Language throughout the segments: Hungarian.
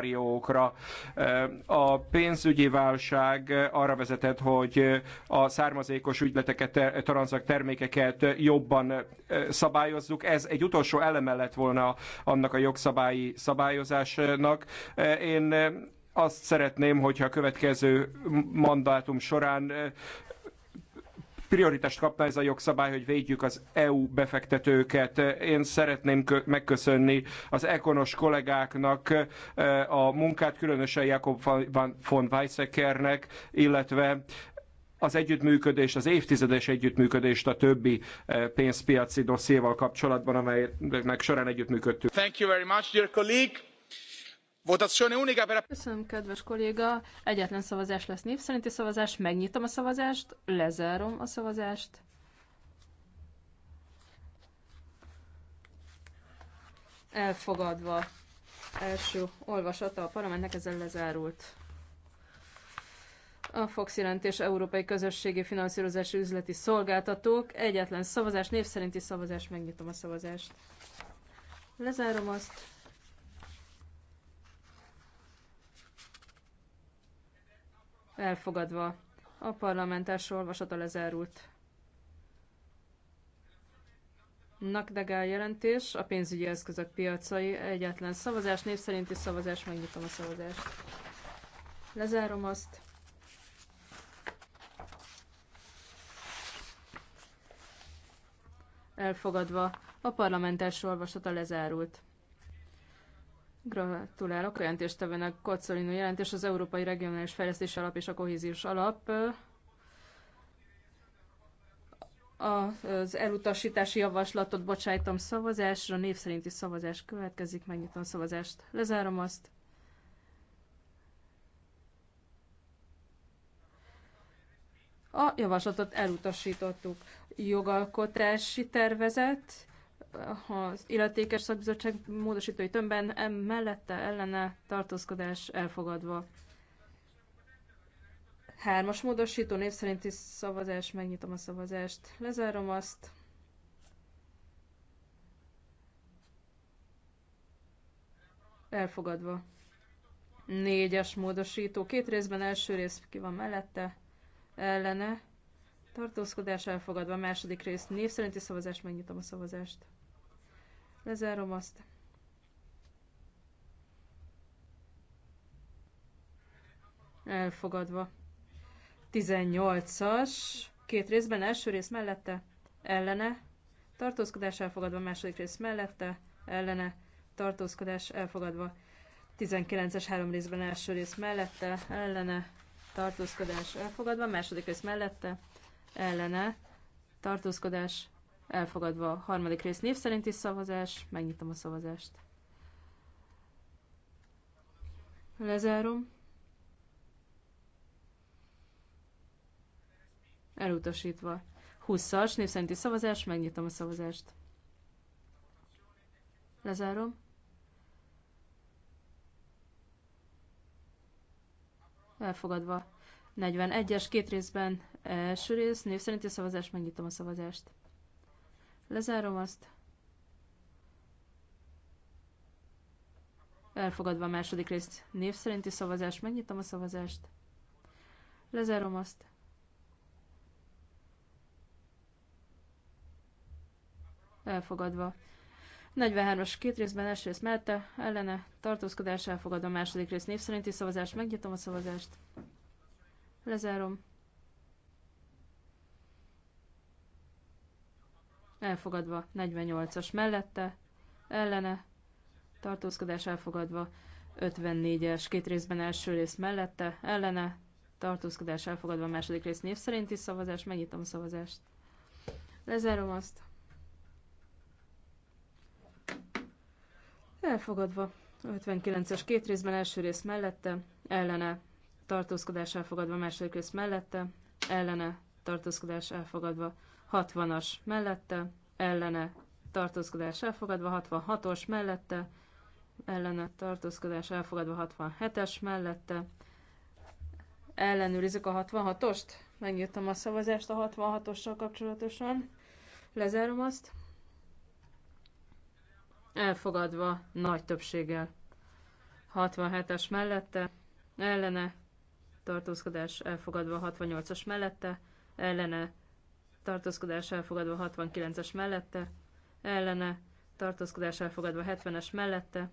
szenáriókra. A pénzügyi válság arra vezetett, hogy a származékos ügyleteket, tranzak termékeket jobban szabályozzuk. Ez egy utolsó eleme lett volna annak a jogszabályi szabályozásnak. Én azt szeretném, hogyha a következő mandátum során prioritást kapna ez a jogszabály, hogy védjük az EU befektetőket. Én szeretném megköszönni az ekonos kollégáknak eh, a munkát, különösen Jakob von Weizsäckernek, illetve az együttműködést, az évtizedes együttműködést a többi eh, pénzpiaci dossziéval kapcsolatban, amelynek során együttműködtünk. Thank you very much, dear colleague. Köszönöm, kedves kolléga. Egyetlen szavazás lesz név szerinti szavazás. Megnyitom a szavazást, lezárom a szavazást. Elfogadva. Első olvasata a parlamentnek ezzel lezárult. A Fox jelentés Európai Közösségi Finanszírozási Üzleti Szolgáltatók. Egyetlen szavazás, név szerinti szavazás. Megnyitom a szavazást. Lezárom azt. elfogadva. A parlamentás olvasata lezárult. Nakdegál jelentés, a pénzügyi eszközök piacai, egyetlen szavazás, név szerinti szavazás, megnyitom a szavazást. Lezárom azt. Elfogadva, a parlamentás olvasata lezárult. Gratulálok a jelentéstevőnek Kocolino jelentés az Európai Regionális Fejlesztés Alap és a Kohéziós Alap az elutasítási javaslatot bocsájtom szavazásra, név szerinti szavazás következik, megnyitom a szavazást, lezárom azt. A javaslatot elutasítottuk. Jogalkotási tervezet, az illetékes szakbizottság módosítói tömbben mellette ellene tartózkodás elfogadva. Hármas módosító név szerinti szavazás, megnyitom a szavazást, lezárom azt. Elfogadva. Négyes módosító, két részben első rész ki van mellette, ellene, Tartózkodás elfogadva. Második rész. Név szerinti szavazást. Megnyitom a szavazást. Lezárom azt. Elfogadva. 18-as. Két részben. Első rész mellette. Ellene. Tartózkodás elfogadva. Második rész mellette. Ellene. Tartózkodás elfogadva. 19-es három részben első rész mellette, ellene, tartózkodás elfogadva, második rész mellette, ellene tartózkodás elfogadva. Harmadik rész név szerinti szavazás. Megnyitom a szavazást. Lezárom. Elutasítva. 20-as név szerinti szavazás. Megnyitom a szavazást. Lezárom. Elfogadva. 41-es két részben Első rész, név szerinti szavazás, megnyitom a szavazást. Lezárom azt. Elfogadva a második részt, név szerinti szavazás, megnyitom a szavazást. Lezárom azt. Elfogadva. 43-as két részben első rész mellette, ellene, tartózkodás elfogadva a második rész név szerinti szavazást, megnyitom a szavazást. Lezárom. elfogadva 48-as mellette, ellene, tartózkodás elfogadva 54-es, két részben első rész mellette, ellene, tartózkodás elfogadva második rész név szerinti szavazás, megnyitom a szavazást. Lezárom azt. Elfogadva. 59-es két részben első rész mellette, ellene, tartózkodás elfogadva második rész mellette, ellene, tartózkodás elfogadva 60-as mellette, ellene tartózkodás elfogadva, 66-os mellette, ellene tartózkodás elfogadva, 67-es mellette. Ellenőrizzük a 66-ost. Megírtam a szavazást a 66-ossal kapcsolatosan. Lezárom azt. Elfogadva nagy többséggel. 67-es mellette, ellene tartózkodás elfogadva 68-as mellette, ellene tartózkodás elfogadva 69-es mellette, ellene tartózkodás elfogadva 70-es mellette,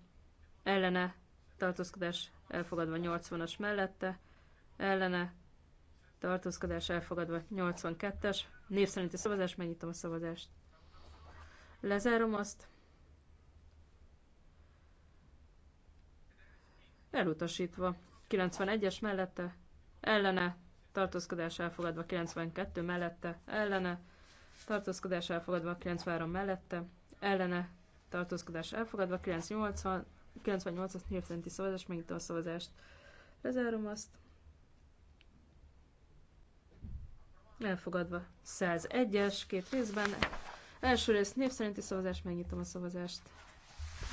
ellene tartózkodás elfogadva 80-as mellette, ellene tartózkodás elfogadva 82-es, név szerinti szavazás, megnyitom a szavazást. Lezárom azt. Elutasítva. 91-es mellette, ellene tartózkodás elfogadva 92 mellette, ellene, tartózkodás elfogadva 93 mellette, ellene, tartózkodás elfogadva 98-as 98 nyilvánti szavazás, megnyitom a szavazást. Lezárom azt. Elfogadva 101-es, két részben. Első rész név szerinti szavazás, megnyitom a szavazást.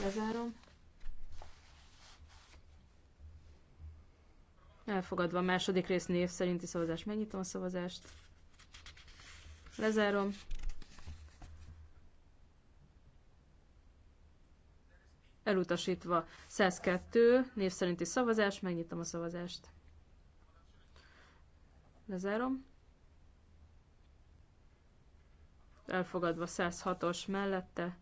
Lezárom. Elfogadva a második rész név szerinti szavazás. Megnyitom a szavazást. Lezárom. Elutasítva 102 név szerinti szavazás. Megnyitom a szavazást. Lezárom. Elfogadva 106-os mellette.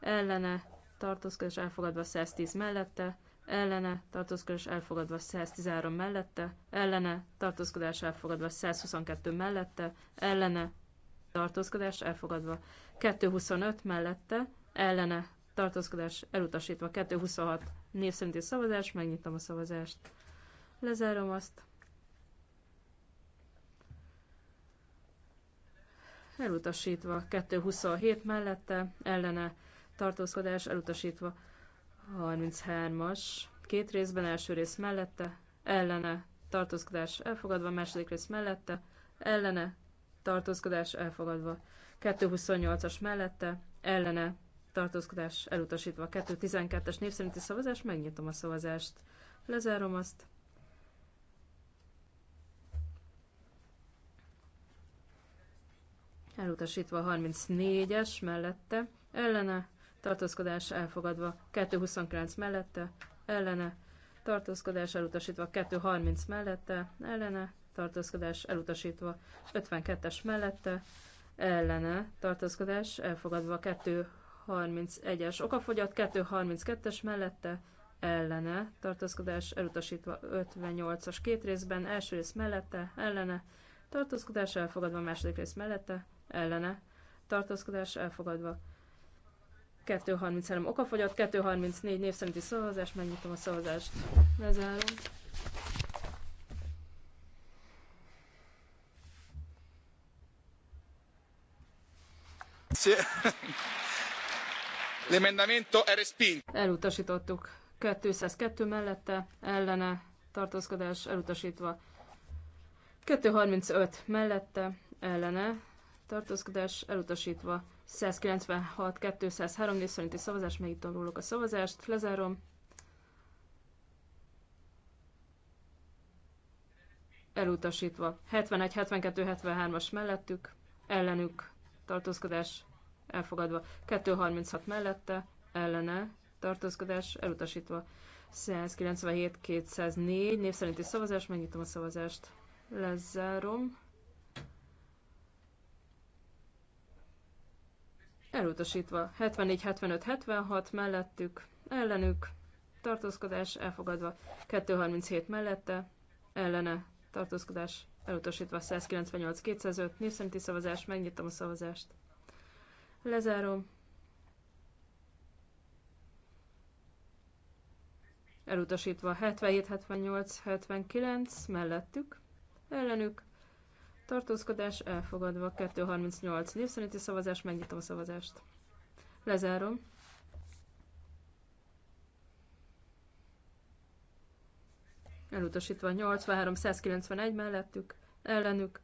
Ellene tartózkodás elfogadva 110 mellette ellene tartózkodás elfogadva 113 mellette, ellene tartózkodás elfogadva 122 mellette, ellene tartózkodás elfogadva 225 mellette, ellene tartózkodás elutasítva 226 név szerinti szavazás, megnyitom a szavazást. Lezárom azt. Elutasítva 227 mellette, ellene tartózkodás elutasítva 33-as, két részben, első rész mellette, ellene, tartózkodás elfogadva, második rész mellette, ellene, tartózkodás elfogadva. 228-as mellette, ellene, tartózkodás elutasítva. 212-es név szerinti szavazás, megnyitom a szavazást. Lezárom azt. Elutasítva a 34-es mellette, ellene, tartózkodás elfogadva, 229 mellette, ellene, tartózkodás elutasítva, 230 mellette, ellene, tartózkodás elutasítva, 52-es mellette, ellene, tartózkodás elfogadva, 231-es okafogyat, 232-es mellette, ellene, tartózkodás elutasítva, 58-as két részben, első rész mellette, ellene, tartózkodás elfogadva, második rész mellette, ellene, tartózkodás elfogadva, 233 okafogyott, 234 név szerinti szavazás, megnyitom a szavazást, lezárom. L'emendamento è respinto. Elutasítottuk. 202 mellette, ellene, tartózkodás elutasítva. 235 mellette, ellene, tartózkodás elutasítva. 196-203 név szerinti szavazás, megnyitom róluk a szavazást, lezárom. Elutasítva. 71-72-73-as mellettük, ellenük tartózkodás elfogadva. 236 mellette, ellene tartózkodás elutasítva. 197-204 név szerinti szavazás, megnyitom a szavazást, lezárom. elutasítva 74, 75, 76 mellettük, ellenük, tartózkodás elfogadva 237 mellette, ellene, tartózkodás elutasítva 198, 205, népszerinti szavazás, megnyitom a szavazást. Lezárom. Elutasítva 77, 78, 79 mellettük, ellenük, tartózkodás elfogadva. 238 név szerinti szavazás, megnyitom a szavazást. Lezárom. Elutasítva 83-191 mellettük, ellenük,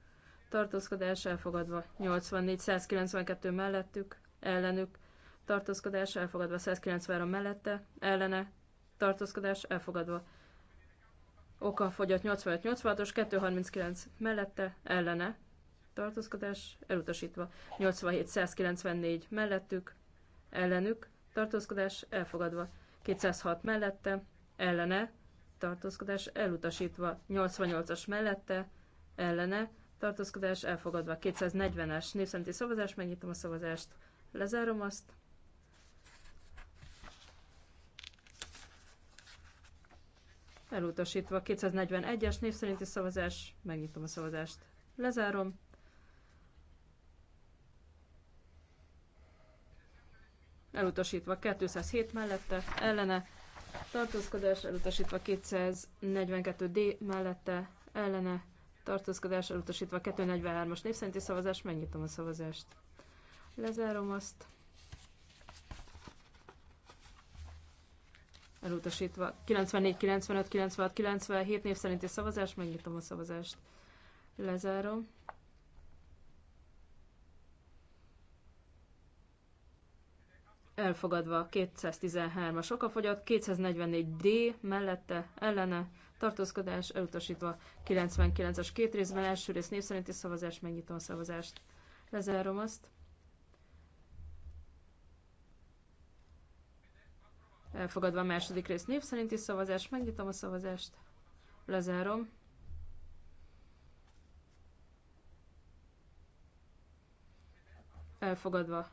tartózkodás elfogadva 84-192 mellettük, ellenük, tartózkodás elfogadva 193 mellette, ellene, tartózkodás elfogadva oka fogyott 85-86-os, 239 mellette, ellene, tartózkodás elutasítva, 87-194 mellettük, ellenük, tartózkodás elfogadva, 206 mellette, ellene, tartózkodás elutasítva, 88-as mellette, ellene, tartózkodás elfogadva, 240-es népszenti szavazás, megnyitom a szavazást, lezárom azt, Elutasítva 241-es név szerinti szavazás. Megnyitom a szavazást. Lezárom. Elutasítva 207 mellette, ellene. Tartózkodás elutasítva 242D mellette, ellene. Tartózkodás elutasítva 243-as név szerinti szavazás. Megnyitom a szavazást. Lezárom azt. elutasítva. 94, 95, 96, 97 név szerinti szavazás, megnyitom a szavazást. Lezárom. Elfogadva 213-as okafogyott, 244D mellette, ellene, tartózkodás elutasítva 99-es két részben, első rész név szerinti szavazás, megnyitom a szavazást. Lezárom azt. Elfogadva a második rész név szerinti szavazás. Megnyitom a szavazást. Lezárom. Elfogadva.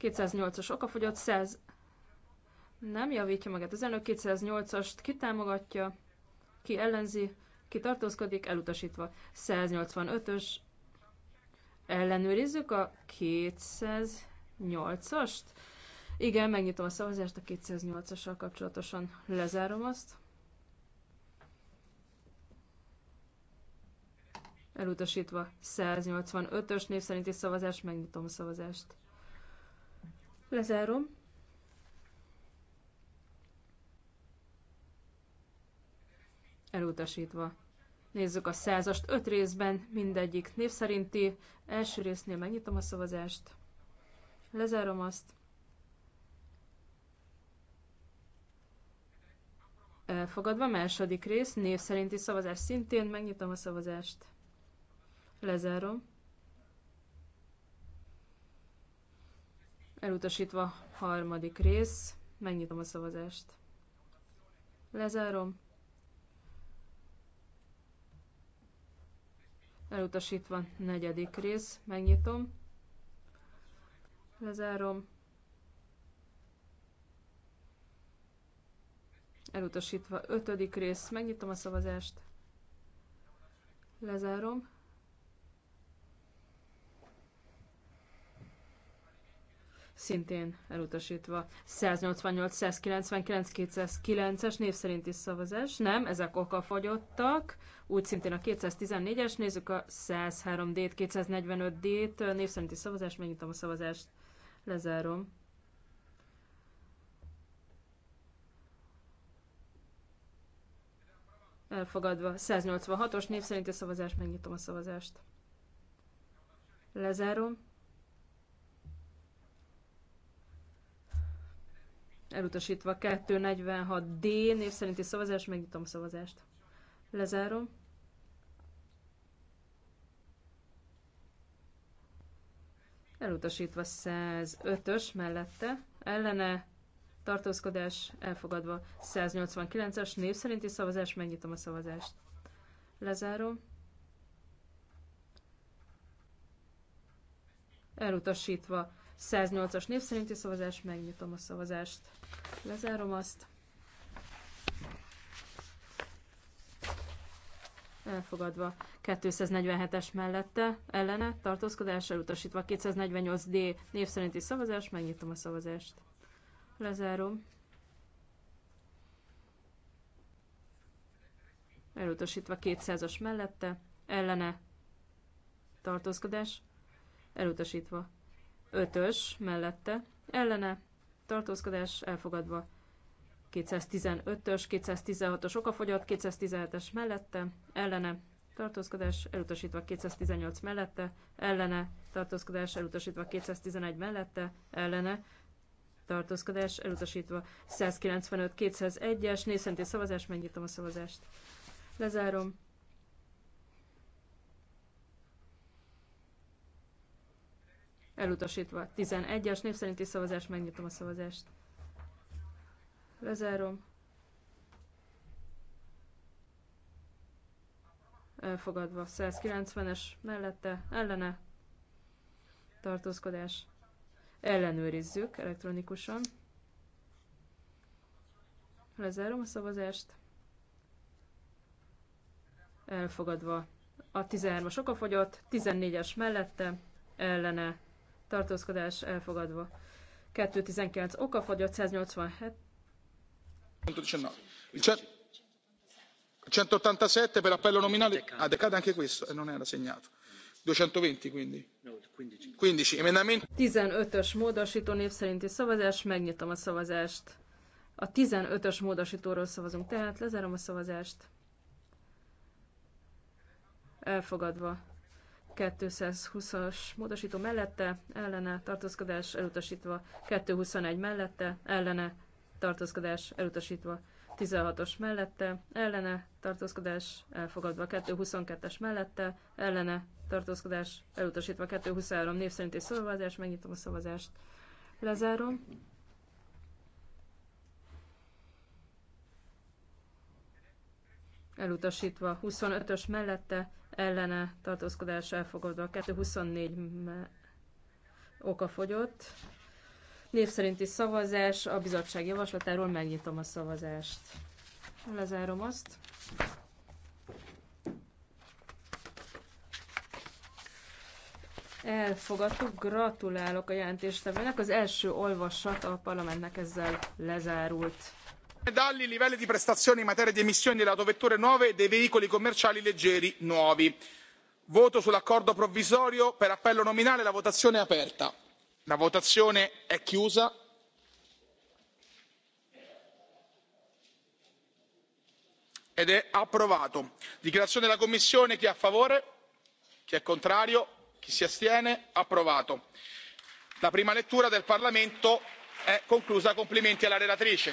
208-as okafogyott, 100 nem javítja magát az elnök, 208-ast ki támogatja, ki ellenzi, ki tartózkodik, elutasítva. 185-ös ellenőrizzük a 208-ast. Igen, megnyitom a szavazást a 208-assal kapcsolatosan. Lezárom azt. Elutasítva 185-ös név szerinti szavazást, megnyitom a szavazást. Lezárom. Elutasítva. Nézzük a százast öt részben, mindegyik név szerinti. Első résznél megnyitom a szavazást. Lezárom azt. Elfogadva második rész, név szerinti szavazás szintén, megnyitom a szavazást. Lezárom. Elutasítva harmadik rész, megnyitom a szavazást. Lezárom. Elutasítva negyedik rész, megnyitom. Lezárom. elutasítva. Ötödik rész, megnyitom a szavazást. Lezárom. Szintén elutasítva. 188, 199, 209-es név szerinti szavazás. Nem, ezek fagyottak. Úgy szintén a 214-es, nézzük a 103D-t, 245D-t, név szerinti szavazás, megnyitom a szavazást. Lezárom. elfogadva. 186-os név a szavazás, megnyitom a szavazást. Lezárom. Elutasítva 246D név szerinti szavazás, megnyitom a szavazást. Lezárom. Elutasítva 105-ös mellette, ellene tartózkodás elfogadva. 189-es név szerinti szavazás, megnyitom a szavazást. Lezárom. Elutasítva. 108-as név szerinti szavazás, megnyitom a szavazást. Lezárom azt. elfogadva. 247-es mellette ellene tartózkodás elutasítva. 248D név szerinti szavazás, megnyitom a szavazást. Lezárom. Elutasítva 200-as mellette, ellene tartózkodás, elutasítva. 5-ös mellette, ellene tartózkodás elfogadva. 215-ös, 216-os okafogyott, 217-es mellette, ellene tartózkodás elutasítva 218 mellette, ellene tartózkodás elutasítva 211 mellette, ellene tartózkodás elutasítva. 195, 201-es, nézszenti szavazás, megnyitom a szavazást. Lezárom. Elutasítva. 11-es név szerinti szavazás, megnyitom a szavazást. Lezárom. Elfogadva. 190-es mellette, ellene. Tartózkodás ellenőrizzük elektronikusan. Lezárom a szavazást. Elfogadva. A 13-as okafogyott, 14-es mellette, ellene, tartózkodás elfogadva. 219 okafogyott, 187. 187 per appello nominale. Ah, decade anche questo, e non era segnato duecentoventi quindi. tizenötös módosító név szerinti szavazás megnyitom a szavazást. A 15-ös módosítóról szavazunk, tehát lezárom a szavazást. Elfogadva. 220-as módosító mellette, ellene, tartózkodás elutasítva. 221 mellette, ellene, tartózkodás elutasítva. 16-os mellette, ellene, tartózkodás elfogadva. 222-es mellette, ellene, tartózkodás elutasítva 223 név szerinti szavazás, megnyitom a szavazást, lezárom. Elutasítva 25-ös mellette ellene tartózkodás elfogadva 224 me- oka fogyott. Név szerinti szavazás a bizottság javaslatáról megnyitom a szavazást. Lezárom azt. Elfogadtuk, gratulálok a jelentéstevőnek. Az első olvasat a parlamentnek ezzel lezárult. Dalli livelli di prestazioni in materia di emissioni delle autovetture nuove e dei veicoli commerciali leggeri nuovi. Voto sull'accordo provvisorio per appello nominale. La votazione è aperta. La votazione è chiusa. Ed è approvato. Dichiarazione della Commissione. Chi è a favore? Chi è contrario? chi si astiene approvato. la prima lettura del parlamento è conclusa. complimenti alla relatrice.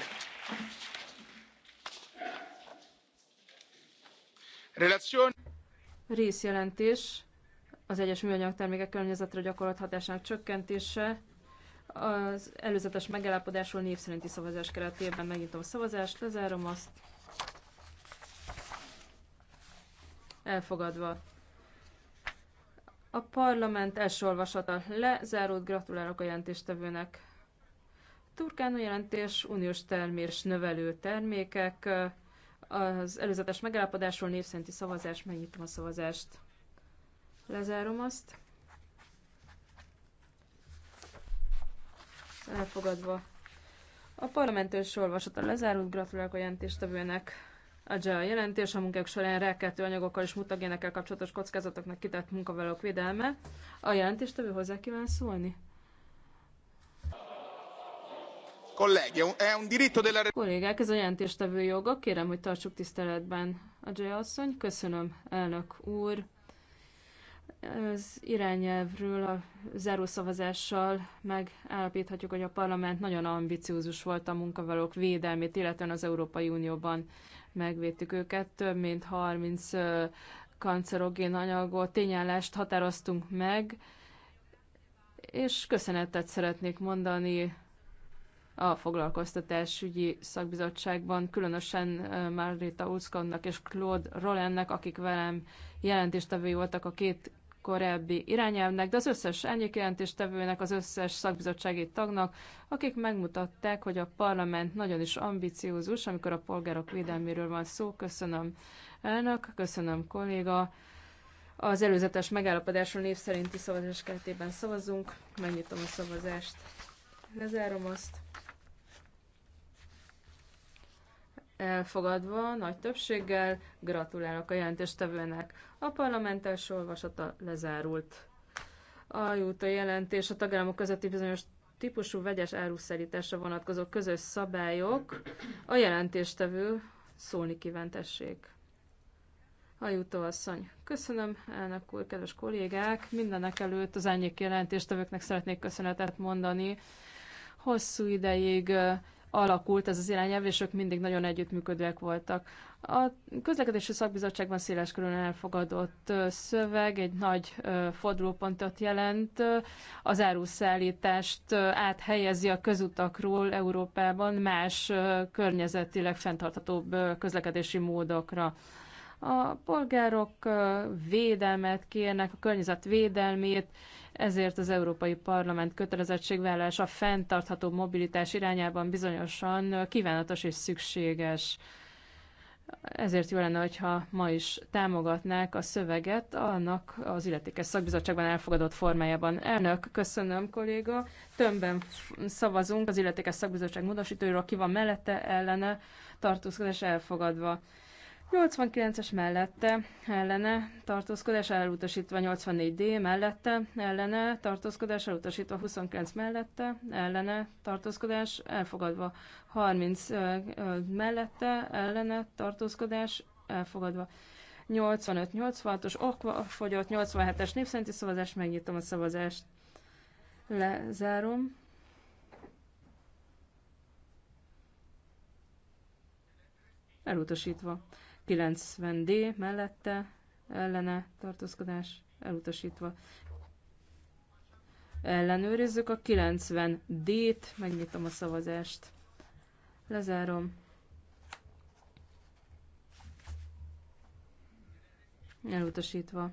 Relazione... Részjelentés az egyes műanyagtermékek környezetre gyakorolt hatásának csökkentése. Az előzetes megállapodásról név szerinti szavazás keretében megnyitom a szavazást, lezárom azt. Elfogadva. A parlament első olvasata lezárult, gratulálok a jelentéstevőnek. a jelentés uniós termés növelő termékek, az előzetes megállapodásról népszerinti szavazás, megnyitom a szavazást. Lezárom azt. Elfogadva. A parlament első olvasata lezárult, gratulálok a jelentéstevőnek. A jelentés a munkák során rákeltő anyagokkal és mutagénekkel kapcsolatos kockázatoknak kitett munkavállalók védelme. A jelentéstevő hozzá kíván szólni? Kollégák, ez a jelentéstevő joga, kérem, hogy tartsuk tiszteletben. Agile asszony, köszönöm, elnök úr. Az irányelvről a zárószavazással megállapíthatjuk, hogy a parlament nagyon ambiciózus volt a munkavállalók védelmét, illetve az Európai Unióban megvédtük őket. Több mint 30 kancerogén anyagot, tényállást határoztunk meg, és köszönetet szeretnék mondani a foglalkoztatásügyi szakbizottságban, különösen Margrita Uckonnak és Claude Rolennek, akik velem jelentéstevői voltak a két korábbi irányelvnek, de az összes elnyékjelentéstevőnek, az összes szakbizottsági tagnak, akik megmutatták, hogy a parlament nagyon is ambiciózus, amikor a polgárok védelméről van szó. Köszönöm elnök, köszönöm kolléga. Az előzetes megállapodásról név szerinti szavazás keretében szavazunk. Megnyitom a szavazást. Lezárom azt. Elfogadva, nagy többséggel gratulálok a jelentéstevőnek. A parlament első olvasata lezárult. A jut a jelentés a tagállamok közötti bizonyos típusú vegyes áruszerítésre vonatkozó közös szabályok. A jelentéstevő szólni kívántessék. jutó asszony. Köszönöm, elnök úr, kedves kollégák. Mindenek előtt az ennyi jelentéstevőknek szeretnék köszönetet mondani. Hosszú ideig alakult ez az irányelv, és ők mindig nagyon együttműködőek voltak. A közlekedési szakbizottságban széles körülön elfogadott szöveg egy nagy fordulópontot jelent. Az áruszállítást áthelyezi a közutakról Európában más környezetileg fenntarthatóbb közlekedési módokra. A polgárok védelmet kérnek, a környezet védelmét, ezért az Európai Parlament kötelezettségvállalása fenntartható mobilitás irányában bizonyosan kívánatos és szükséges. Ezért jó lenne, hogyha ma is támogatnák a szöveget annak az illetékes szakbizottságban elfogadott formájában. Elnök, köszönöm, kolléga. Tömbben szavazunk az illetékes szakbizottság módosítóiról, ki van mellette, ellene, tartózkodás elfogadva. 89-es mellette ellene tartózkodás elutasítva 84D mellette ellene tartózkodás elutasítva 29 mellette ellene tartózkodás elfogadva 30 mellette ellene tartózkodás elfogadva 85-86-os okva fogyott 87-es népszerinti szavazás, megnyitom a szavazást, lezárom. Elutasítva. 90D mellette ellene tartózkodás elutasítva. Ellenőrizzük a 90D-t, megnyitom a szavazást. Lezárom. Elutasítva.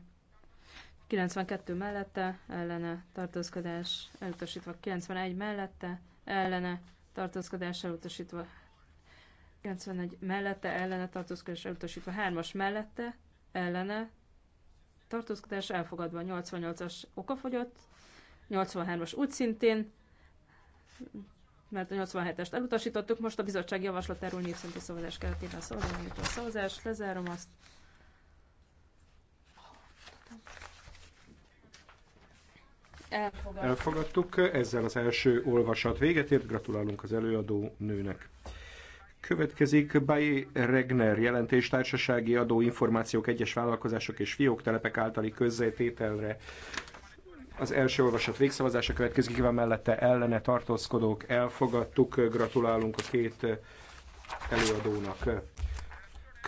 92 mellette, ellene, tartózkodás, elutasítva 91 mellette, ellene, tartózkodás, elutasítva 91 mellette ellene tartózkodás elutasítva, 3-as mellette ellene tartózkodás elfogadva, 88-as okafogyott, 83-as úgy szintén, mert a 87-est elutasítottuk, most a bizottság javaslatáról népszenti szavazás keretében szavazom, a szavazást, lezárom azt. Elfogadtuk. Elfogadtuk, ezzel az első olvasat véget ért, gratulálunk az előadó nőnek. Következik Bay Regner jelentés társasági adó információk egyes vállalkozások és fiók telepek általi közzétételre. Az első olvasat végszavazása következik, kíván mellette ellene tartózkodók elfogadtuk. Gratulálunk a két előadónak.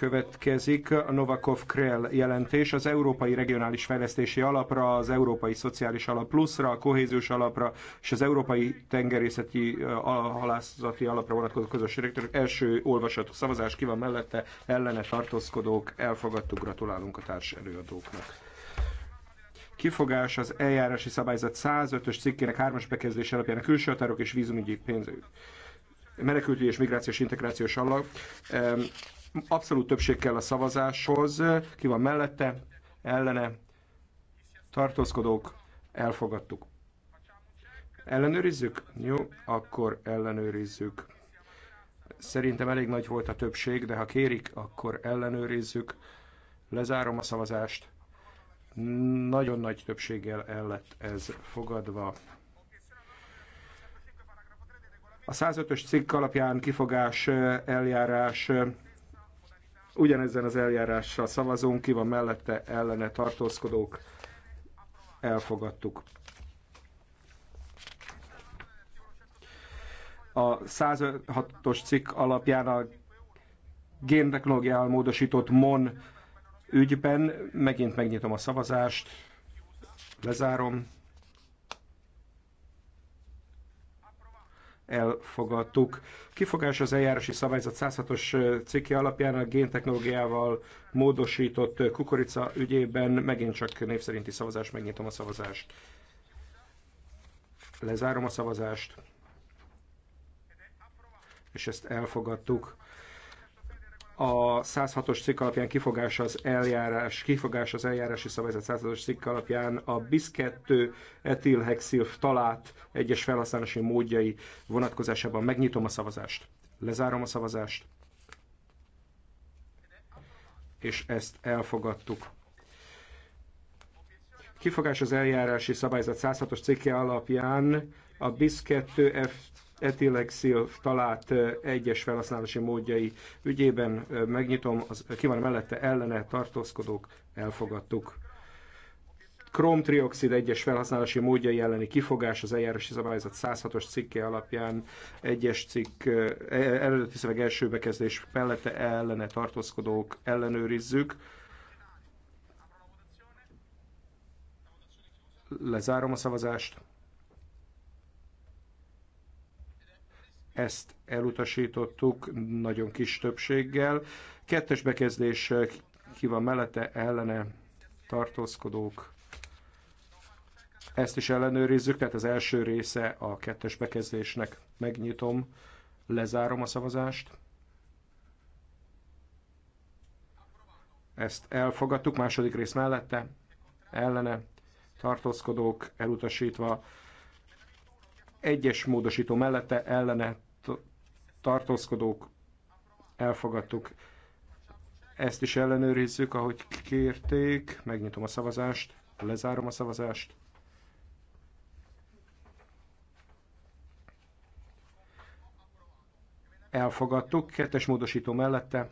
Következik a Novakov Krell jelentés az Európai Regionális Fejlesztési Alapra, az Európai Szociális Alap Pluszra, a Kohéziós Alapra és az Európai Tengerészeti Halászati Alapra vonatkozó közösségek. első olvasatú szavazás ki van mellette, ellene tartózkodók, elfogadtuk, gratulálunk a társ előadóknak kifogás az eljárási szabályzat 105-ös cikkének 3-as bekezdés alapján a külső határok és vízumügyi pénzügy menekültügyi és migrációs integrációs alap Abszolút többség kell a szavazáshoz. Ki van mellette? Ellene? Tartózkodók? Elfogadtuk. Ellenőrizzük? Jó, akkor ellenőrizzük. Szerintem elég nagy volt a többség, de ha kérik, akkor ellenőrizzük. Lezárom a szavazást. Nagyon nagy többséggel el lett ez fogadva. A 105-ös cikk alapján kifogás eljárás Ugyanezen az eljárással szavazunk, ki van mellette, ellene tartózkodók, elfogadtuk. A 106-os cikk alapján a géntechnológiával módosított MON ügyben megint megnyitom a szavazást, lezárom. elfogadtuk. Kifogás az eljárási szabályzat 106-os cikke alapján a géntechnológiával módosított kukorica ügyében megint csak név szerinti szavazás, megnyitom a szavazást. Lezárom a szavazást. És ezt elfogadtuk a 106-os cikk alapján kifogás az eljárás, kifogás az eljárási szabályzat 106-os cikk alapján a BIS-2 etilhexil talát egyes felhasználási módjai vonatkozásában megnyitom a szavazást. Lezárom a szavazást. És ezt elfogadtuk. Kifogás az eljárási szabályzat 106-os cikke alapján a BIS-2 F etilexil talált egyes felhasználási módjai ügyében megnyitom, az, ki van mellette ellene tartózkodók, elfogadtuk. Kromtrioxid egyes felhasználási módjai elleni kifogás az eljárási szabályzat 106-os cikke alapján egyes cikk eredeti szöveg első bekezdés mellette ellene tartózkodók ellenőrizzük. Lezárom a szavazást. ezt elutasítottuk nagyon kis többséggel. Kettes bekezdés ki van mellette, ellene tartózkodók. Ezt is ellenőrizzük, tehát az első része a kettes bekezdésnek megnyitom, lezárom a szavazást. Ezt elfogadtuk, második rész mellette, ellene tartózkodók elutasítva, egyes módosító mellette, ellene tartózkodók, elfogadtuk. Ezt is ellenőrizzük, ahogy kérték. Megnyitom a szavazást, lezárom a szavazást. Elfogadtuk, kettes módosító mellette,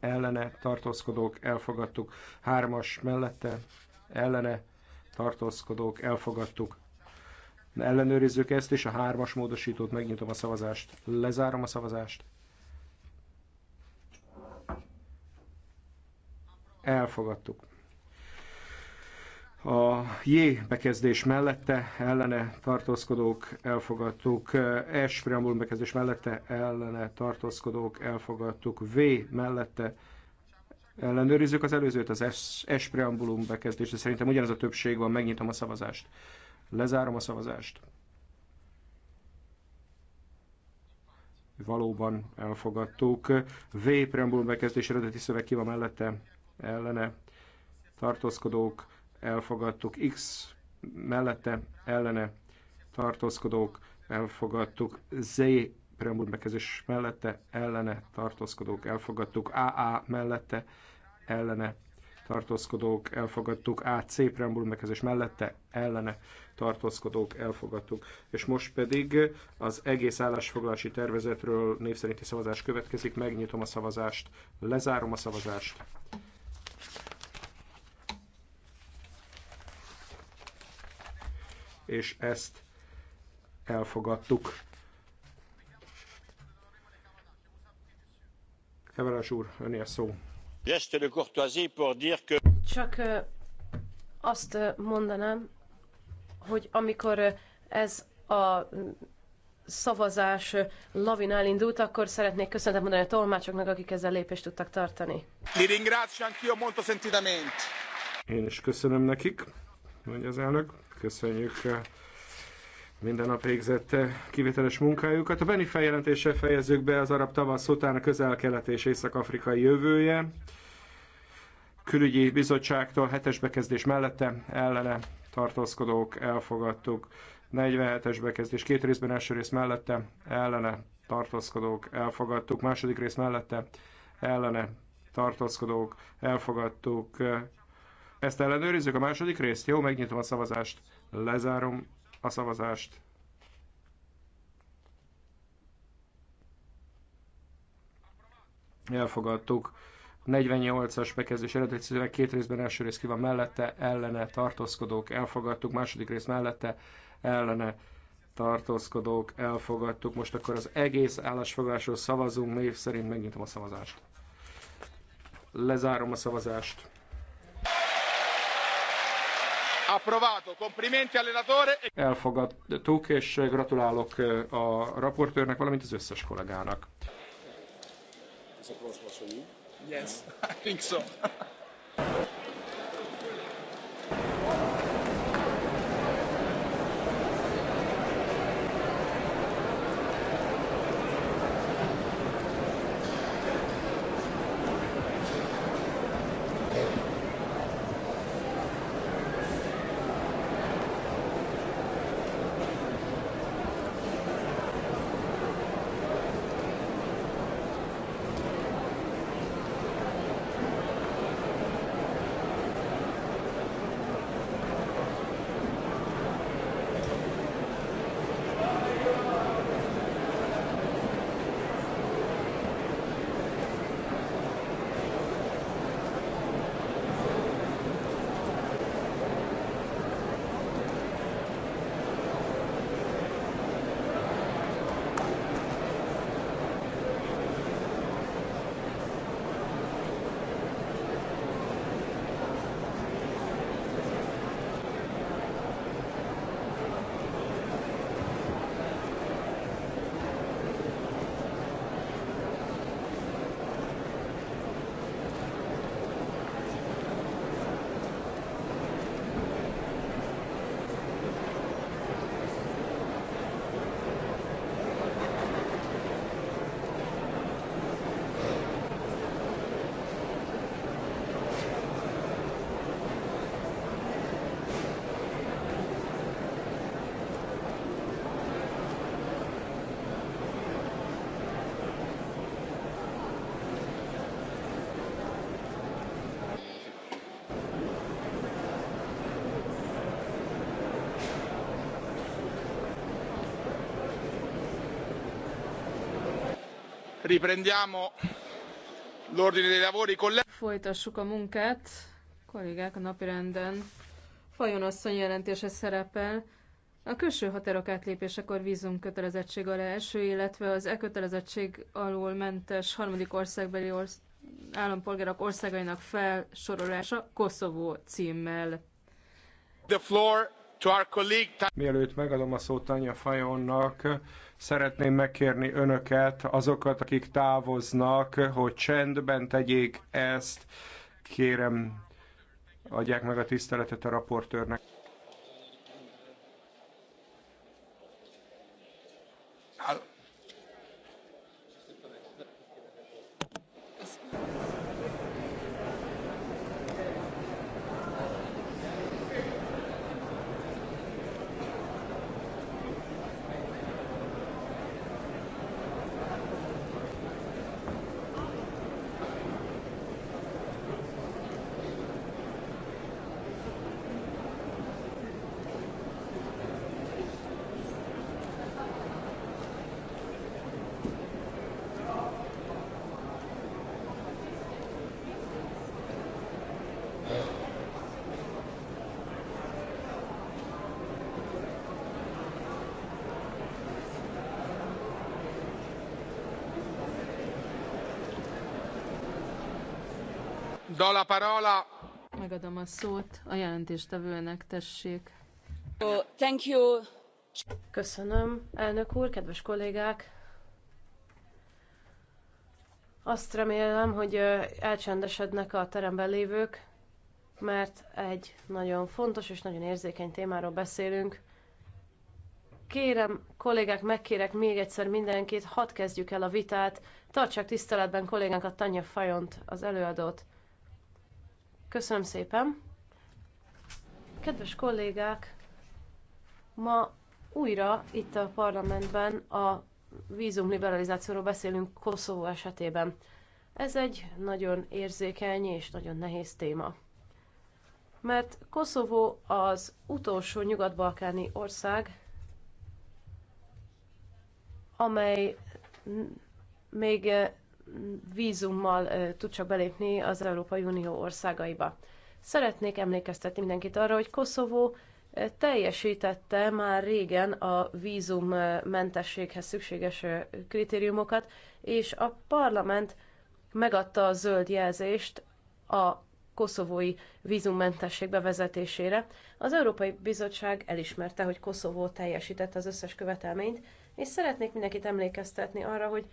ellene tartózkodók, elfogadtuk. Hármas mellette, ellene tartózkodók, elfogadtuk ellenőrizzük ezt, és a hármas módosítót megnyitom a szavazást, lezárom a szavazást. Elfogadtuk. A J bekezdés mellette ellene tartózkodók elfogadtuk, S preambul bekezdés mellette ellene tartózkodók elfogadtuk, V mellette ellenőrizzük az előzőt, az S, S preambulum bekezdés, de szerintem ugyanaz a többség van, megnyitom a szavazást. Lezárom a szavazást. Valóban elfogadtuk. V. Preambul bekezdés eredeti szöveg ki van mellette, ellene. Tartózkodók, elfogadtuk. X. Mellette, ellene. Tartózkodók, elfogadtuk. Z. Preambul bekezdés mellette, ellene. Tartózkodók, elfogadtuk. AA mellette, ellene tartózkodók elfogadtuk, AC preambulum megkezdés mellette ellene tartózkodók elfogadtuk. És most pedig az egész állásfoglalási tervezetről név szerinti szavazás következik, megnyitom a szavazást, lezárom a szavazást. És ezt elfogadtuk. Heveres úr, öné a szó. Csak azt mondanám, hogy amikor ez a szavazás lavinál indult, akkor szeretnék köszönetet mondani a tolmácsoknak, akik ezzel lépést tudtak tartani. Én is köszönöm nekik, mondja az elnök. Köszönjük minden nap végzett kivételes munkájukat. A Beni feljelentéssel fejezzük be az arab tavasz után a közel-kelet és észak-afrikai jövője. Külügyi bizottságtól hetes bekezdés mellette ellene tartózkodók elfogadtuk. 47-es bekezdés két részben első rész mellette ellene tartózkodók elfogadtuk. Második rész mellette ellene tartózkodók elfogadtuk. Ezt ellenőrizzük a második részt? Jó, megnyitom a szavazást, lezárom a szavazást. Elfogadtuk. 48-as bekezdés eredeti szöveg két részben első rész ki van mellette, ellene tartózkodók, elfogadtuk, második rész mellette, ellene tartózkodók, elfogadtuk. Most akkor az egész állásfogásról szavazunk, név szerint megnyitom a szavazást. Lezárom a szavazást. Elfogadtuk, és eh, gratulálok eh, a raportőrnek, valamint az összes kollégának. Yes, I think so. Riprendiamo l'ordine dei lavori. Folytassuk a munkát. Kollégák a napirenden. Fajon asszony jelentése szerepel. A külső határok átlépésekor vízum kötelezettség alá eső, illetve az e kötelezettség alól mentes harmadik országbeli orsz- állampolgárok országainak felsorolása Koszovó címmel. The floor Mielőtt megadom a szót Tanya Fajonnak, szeretném megkérni önöket, azokat, akik távoznak, hogy csendben tegyék ezt. Kérem, adják meg a tiszteletet a raportőrnek. Megadom a szót a jelentéstevőnek, tessék. thank you. Köszönöm, elnök úr, kedves kollégák! Azt remélem, hogy elcsendesednek a teremben lévők, mert egy nagyon fontos és nagyon érzékeny témáról beszélünk. Kérem, kollégák, megkérek még egyszer mindenkit, hadd kezdjük el a vitát. Tartsák tiszteletben kollégánkat, Tanya Fajont, az előadót. Köszönöm szépen. Kedves kollégák, ma újra itt a parlamentben a vízumliberalizációról beszélünk Koszovó esetében. Ez egy nagyon érzékeny és nagyon nehéz téma. Mert Koszovó az utolsó nyugat-balkáni ország, amely még eh, vízummal tud csak belépni az Európai Unió országaiba. Szeretnék emlékeztetni mindenkit arra, hogy Koszovó teljesítette már régen a vízummentességhez szükséges kritériumokat, és a parlament megadta a zöld jelzést a koszovói vízummentesség bevezetésére. Az Európai Bizottság elismerte, hogy Koszovó teljesítette az összes követelményt, és szeretnék mindenkit emlékeztetni arra, hogy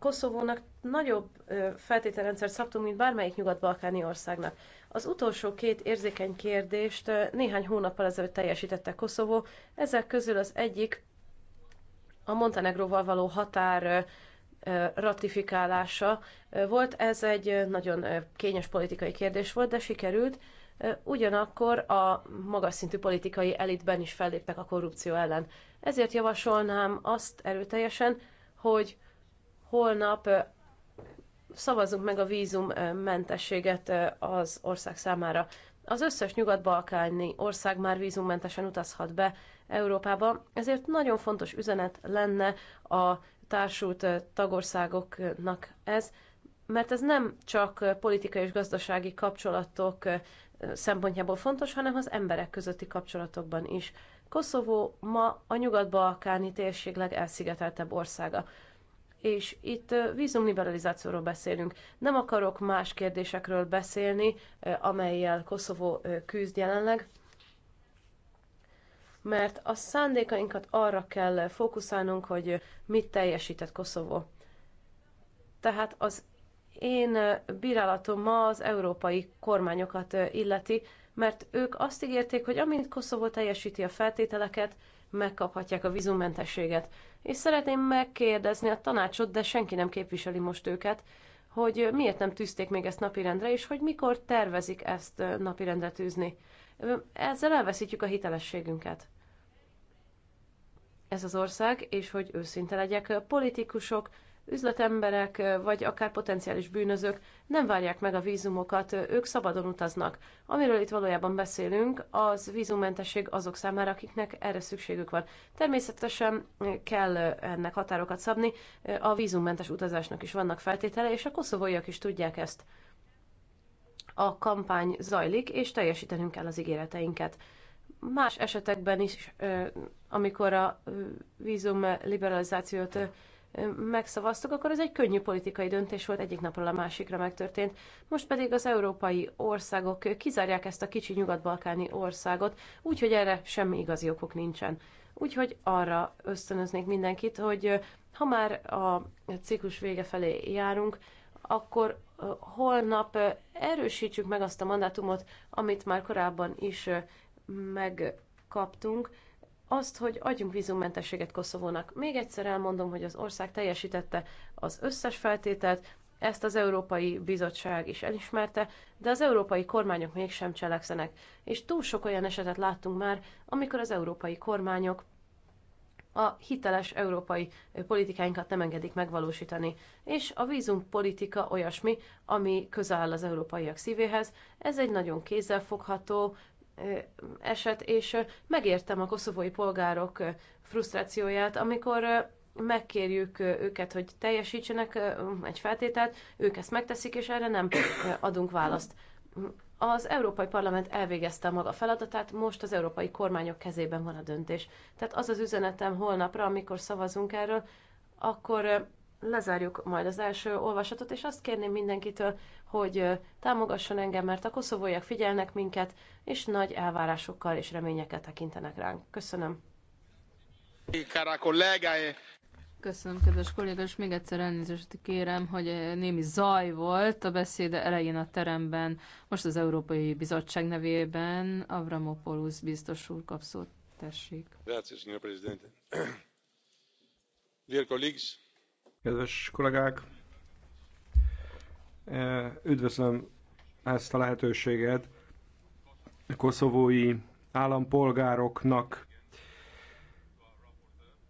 Koszovónak nagyobb feltételrendszer szabtunk, mint bármelyik nyugat-balkáni országnak. Az utolsó két érzékeny kérdést néhány hónappal ezelőtt teljesítette Koszovó, ezek közül az egyik a Montenegróval való határ ratifikálása volt. Ez egy nagyon kényes politikai kérdés volt, de sikerült. Ugyanakkor a magas szintű politikai elitben is felléptek a korrupció ellen. Ezért javasolnám azt erőteljesen, hogy holnap szavazzunk meg a vízummentességet az ország számára. Az összes nyugat-balkáni ország már vízummentesen utazhat be Európába, ezért nagyon fontos üzenet lenne a társult tagországoknak ez, mert ez nem csak politikai és gazdasági kapcsolatok szempontjából fontos, hanem az emberek közötti kapcsolatokban is. Koszovó ma a nyugat-balkáni térség legelszigeteltebb országa és itt vízumliberalizációról beszélünk. Nem akarok más kérdésekről beszélni, amelyel Koszovó küzd jelenleg, mert a szándékainkat arra kell fókuszálnunk, hogy mit teljesített Koszovó. Tehát az én bírálatom ma az európai kormányokat illeti, mert ők azt ígérték, hogy amint Koszovó teljesíti a feltételeket, megkaphatják a vízummentességet. És szeretném megkérdezni a tanácsot, de senki nem képviseli most őket, hogy miért nem tűzték még ezt napirendre, és hogy mikor tervezik ezt napirendre tűzni. Ezzel elveszítjük a hitelességünket. Ez az ország, és hogy őszinte legyek, politikusok, üzletemberek, vagy akár potenciális bűnözők nem várják meg a vízumokat, ők szabadon utaznak. Amiről itt valójában beszélünk, az vízummentesség azok számára, akiknek erre szükségük van. Természetesen kell ennek határokat szabni, a vízummentes utazásnak is vannak feltétele, és a koszovóiak is tudják ezt. A kampány zajlik, és teljesítenünk kell az ígéreteinket. Más esetekben is, amikor a vízum liberalizációt megszavaztuk, akkor ez egy könnyű politikai döntés volt, egyik napról a másikra megtörtént. Most pedig az európai országok kizárják ezt a kicsi nyugat-balkáni országot, úgyhogy erre semmi igazi okok nincsen. Úgyhogy arra ösztönöznék mindenkit, hogy ha már a ciklus vége felé járunk, akkor holnap erősítsük meg azt a mandátumot, amit már korábban is megkaptunk, azt, hogy adjunk vízummentességet Koszovónak. Még egyszer elmondom, hogy az ország teljesítette az összes feltételt, ezt az Európai Bizottság is elismerte, de az európai kormányok mégsem cselekszenek, és túl sok olyan esetet láttunk már, amikor az európai kormányok a hiteles európai politikáinkat nem engedik megvalósítani. És a vízumpolitika olyasmi, ami közel áll az európaiak szívéhez. Ez egy nagyon kézzelfogható, eset, és megértem a koszovói polgárok frusztrációját, amikor megkérjük őket, hogy teljesítsenek egy feltételt, ők ezt megteszik, és erre nem adunk választ. Az Európai Parlament elvégezte a maga feladatát, most az európai kormányok kezében van a döntés. Tehát az az üzenetem holnapra, amikor szavazunk erről, akkor lezárjuk majd az első olvasatot, és azt kérném mindenkitől, hogy támogasson engem, mert a koszovóiak figyelnek minket, és nagy elvárásokkal és reményekkel tekintenek ránk. Köszönöm. Köszönöm, kedves kolléga, és még egyszer elnézést kérem, hogy némi zaj volt a beszéde elején a teremben. Most az Európai Bizottság nevében Avramopoulos biztos úr kap szót. Tessék. Grazie, signor Presidente. Dear colleagues, Kedves kollégák, e, üdvözlöm ezt a lehetőséget a koszovói állampolgároknak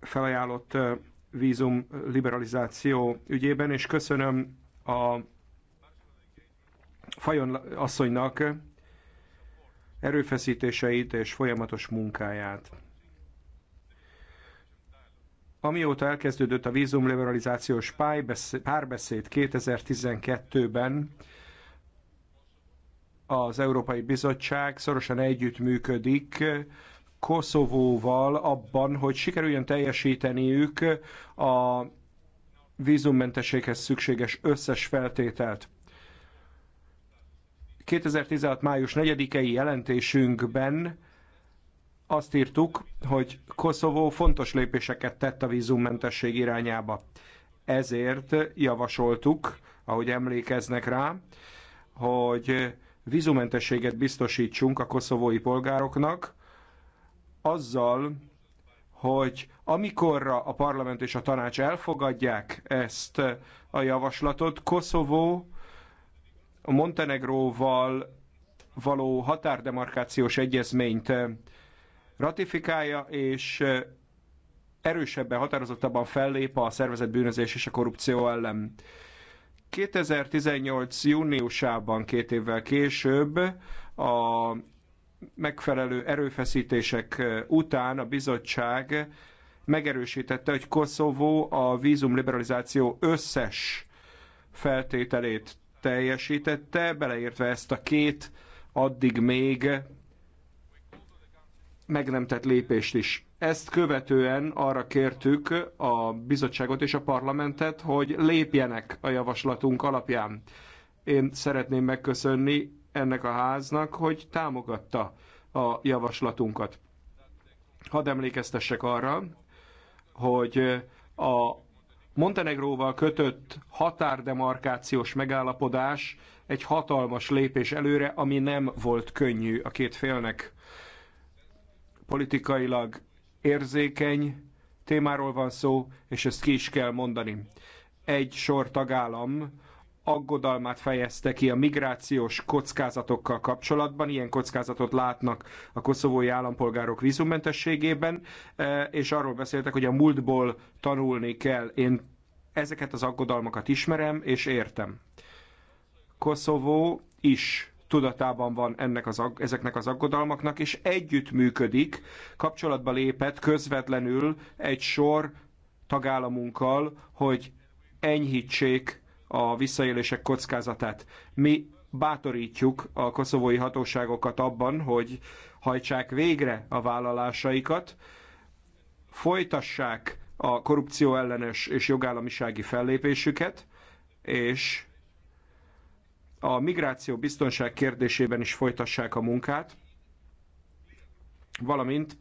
felajánlott e, vízum liberalizáció ügyében, és köszönöm a Fajon asszonynak erőfeszítéseit és folyamatos munkáját. Amióta elkezdődött a vízumliberalizációs párbeszéd 2012-ben, az Európai Bizottság szorosan együttműködik Koszovóval abban, hogy sikerüljön teljesíteniük a vízummentességhez szükséges összes feltételt. 2016. május 4-i jelentésünkben azt írtuk, hogy Koszovó fontos lépéseket tett a vízummentesség irányába. Ezért javasoltuk, ahogy emlékeznek rá, hogy vízumentességet biztosítsunk a koszovói polgároknak, azzal, hogy amikorra a parlament és a tanács elfogadják ezt a javaslatot, Koszovó a Montenegróval való határdemarkációs egyezményt ratifikálja, és erősebben, határozottabban fellép a szervezet bűnözés és a korrupció ellen. 2018. júniusában, két évvel később a megfelelő erőfeszítések után a bizottság megerősítette, hogy Koszovó a vízumliberalizáció összes feltételét teljesítette, beleértve ezt a két addig még meg nem tett lépést is. Ezt követően arra kértük a bizottságot és a parlamentet, hogy lépjenek a javaslatunk alapján. Én szeretném megköszönni ennek a háznak, hogy támogatta a javaslatunkat. Hadd emlékeztessek arra, hogy a Montenegróval kötött határdemarkációs megállapodás egy hatalmas lépés előre, ami nem volt könnyű a két félnek politikailag érzékeny témáról van szó, és ezt ki is kell mondani. Egy sor tagállam aggodalmát fejezte ki a migrációs kockázatokkal kapcsolatban. Ilyen kockázatot látnak a koszovói állampolgárok vízummentességében, e, és arról beszéltek, hogy a múltból tanulni kell. Én ezeket az aggodalmakat ismerem és értem. Koszovó is tudatában van ennek az, ezeknek az aggodalmaknak, és együttműködik, kapcsolatba lépett közvetlenül egy sor tagállamunkkal, hogy enyhítsék a visszaélések kockázatát. Mi bátorítjuk a koszovói hatóságokat abban, hogy hajtsák végre a vállalásaikat, folytassák a korrupció ellenes és jogállamisági fellépésüket, és a migráció biztonság kérdésében is folytassák a munkát, valamint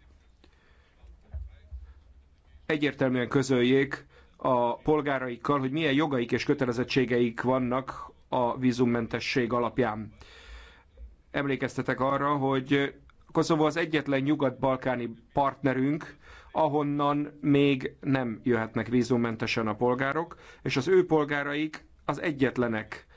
egyértelműen közöljék a polgáraikkal, hogy milyen jogaik és kötelezettségeik vannak a vízummentesség alapján. Emlékeztetek arra, hogy Koszovó az egyetlen nyugat-balkáni partnerünk, ahonnan még nem jöhetnek vízummentesen a polgárok, és az ő polgáraik az egyetlenek,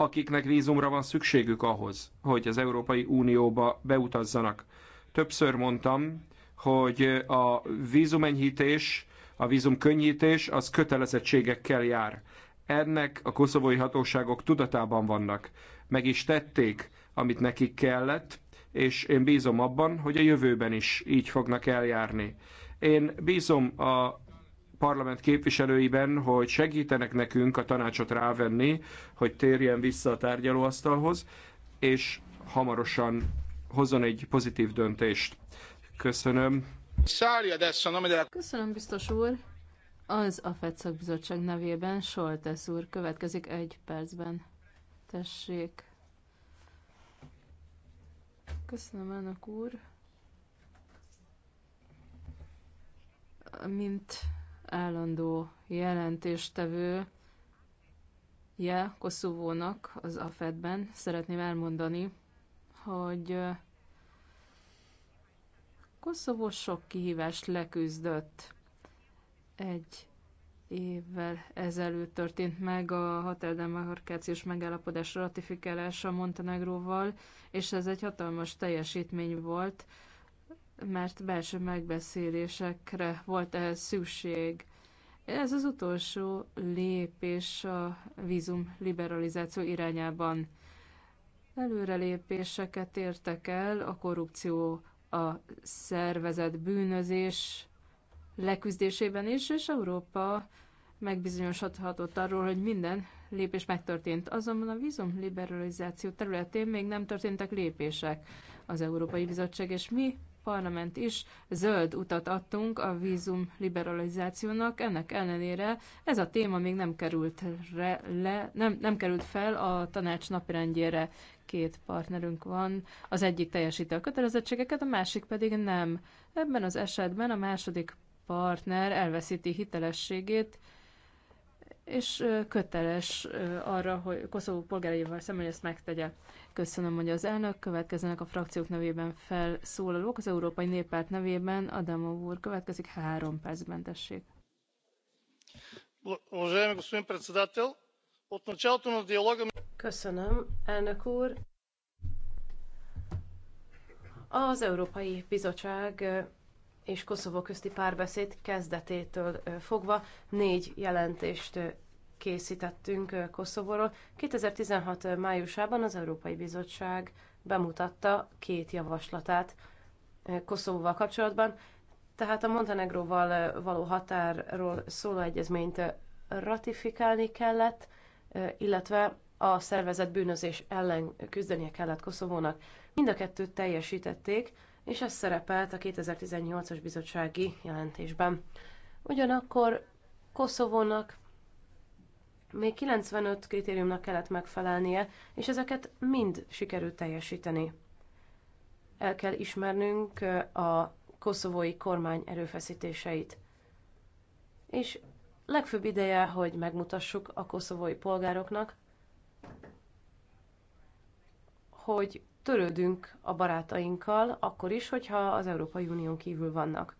akiknek vízumra van szükségük ahhoz, hogy az Európai Unióba beutazzanak. Többször mondtam, hogy a vízumenyhítés, a vízumkönnyítés az kötelezettségekkel jár. Ennek a koszovói hatóságok tudatában vannak. Meg is tették, amit nekik kellett, és én bízom abban, hogy a jövőben is így fognak eljárni. Én bízom a parlament képviselőiben, hogy segítenek nekünk a tanácsot rávenni, hogy térjen vissza a tárgyalóasztalhoz, és hamarosan hozzon egy pozitív döntést. Köszönöm. Köszönöm, biztos úr. Az a AFED bizottság nevében Soltesz úr következik egy percben. Tessék. Köszönöm, elnök úr. Mint állandó jelentéstevő je Koszovónak az AFED-ben. Szeretném elmondani, hogy Koszovó sok kihívást leküzdött. Egy évvel ezelőtt történt meg a határdemarkációs megállapodás ratifikálása Montenegróval, és ez egy hatalmas teljesítmény volt, mert belső megbeszélésekre volt ehhez szükség. Ez az utolsó lépés a vízum liberalizáció irányában. Előrelépéseket értek el a korrupció, a szervezet bűnözés leküzdésében is, és Európa megbizonyosodhatott arról, hogy minden lépés megtörtént. Azonban a vízum liberalizáció területén még nem történtek lépések. Az Európai Bizottság és mi Parlament is zöld utat adtunk a vízum liberalizációnak, ennek ellenére ez a téma még nem került, re, le, nem, nem került fel a tanács napirendjére. Két partnerünk van, az egyik teljesíti a kötelezettségeket, a másik pedig nem. Ebben az esetben a második partner elveszíti hitelességét, és köteles arra, hogy Koszovó polgáraival szemben ezt megtegye. Köszönöm, hogy az elnök következőnek a frakciók nevében felszólalók. Az Európai Néppárt nevében Adamov úr következik három percben, tessék. Köszönöm, elnök úr. Az Európai Bizottság és Koszovó közti párbeszéd kezdetétől fogva négy jelentést készítettünk Koszovóról. 2016. májusában az Európai Bizottság bemutatta két javaslatát Koszovóval kapcsolatban, tehát a Montenegróval való határról szóló egyezményt ratifikálni kellett, illetve a szervezett bűnözés ellen küzdenie kellett Koszovónak. Mind a kettőt teljesítették, és ez szerepelt a 2018-as bizottsági jelentésben. Ugyanakkor Koszovónak még 95 kritériumnak kellett megfelelnie, és ezeket mind sikerült teljesíteni. El kell ismernünk a koszovói kormány erőfeszítéseit. És legfőbb ideje, hogy megmutassuk a koszovói polgároknak, hogy törődünk a barátainkkal, akkor is, hogyha az Európai Unión kívül vannak.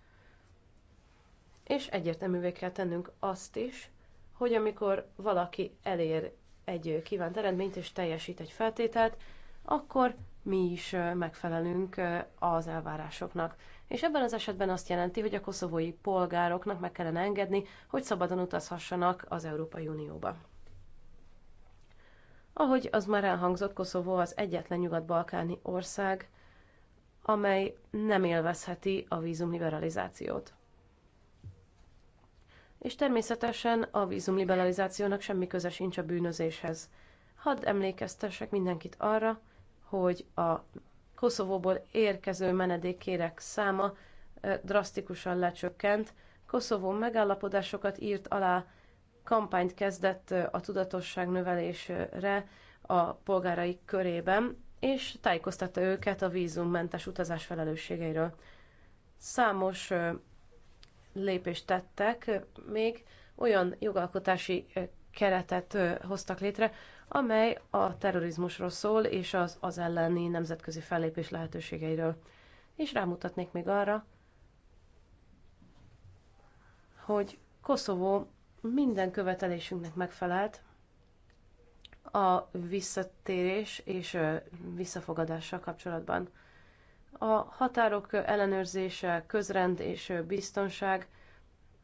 És egyértelművé kell tennünk azt is, hogy amikor valaki elér egy kívánt eredményt és teljesít egy feltételt, akkor mi is megfelelünk az elvárásoknak. És ebben az esetben azt jelenti, hogy a koszovói polgároknak meg kellene engedni, hogy szabadon utazhassanak az Európai Unióba. Ahogy az már elhangzott, Koszovó az egyetlen nyugat-balkáni ország, amely nem élvezheti a vízumliberalizációt. És természetesen a vízumliberalizációnak semmi köze sincs a bűnözéshez. Hadd emlékeztessek mindenkit arra, hogy a Koszovóból érkező menedékkérek száma eh, drasztikusan lecsökkent. Koszovó megállapodásokat írt alá kampányt kezdett a tudatosság növelésre a polgárai körében, és tájékoztatta őket a vízummentes utazás felelősségeiről. Számos lépést tettek, még olyan jogalkotási keretet hoztak létre, amely a terrorizmusról szól és az, az elleni nemzetközi fellépés lehetőségeiről. És rámutatnék még arra, hogy Koszovó minden követelésünknek megfelelt a visszatérés és visszafogadással kapcsolatban. A határok ellenőrzése, közrend és biztonság